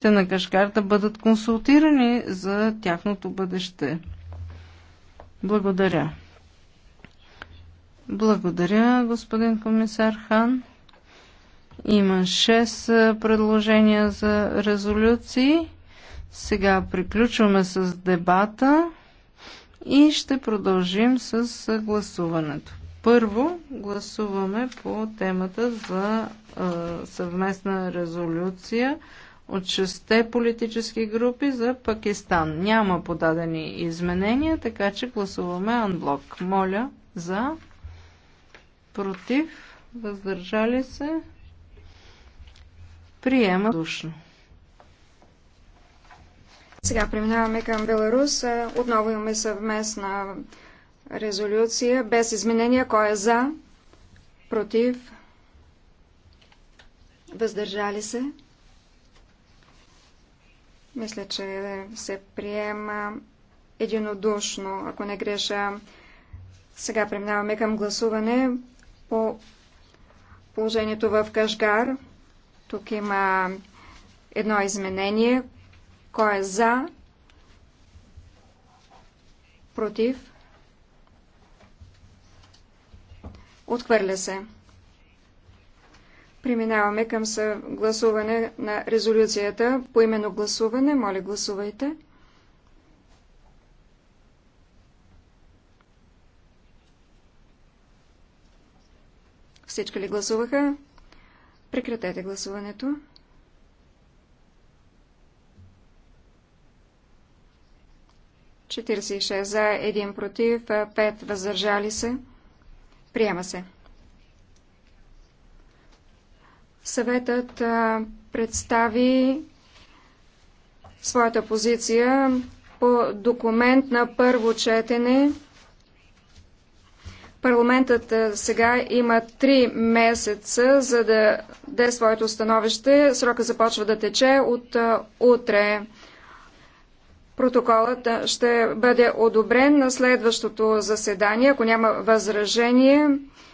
те на Кашкар да бъдат консултирани за тяхното бъдеще. Благодаря. Благодаря, господин комисар Хан. Има 6 предложения за резолюции. Сега приключваме с дебата и ще продължим с гласуването. Първо гласуваме по темата за съвместна резолюция от шесте политически групи за Пакистан. Няма подадени изменения, така че гласуваме анблок. Моля за, против, въздържали се, приема душно. Сега преминаваме към Беларус. Отново имаме съвместна резолюция без изменения. Кой е за? Против? Въздържали се? Мисля, че се приема единодушно, ако не греша. Сега преминаваме към гласуване по положението в Кашгар. Тук има едно изменение. Кой е за? Против? Отхвърля се. Преминаваме към гласуване на резолюцията. По именно гласуване, моля гласувайте. Всички ли гласуваха? Прекратете гласуването. Четиридесет за, един против, пет въздържали се. Приема се. Съветът представи своята позиция по документ на първо четене. Парламентът сега има три месеца, за да даде своето становище. Срока започва да тече от утре. Протоколът ще бъде одобрен на следващото заседание, ако няма възражение.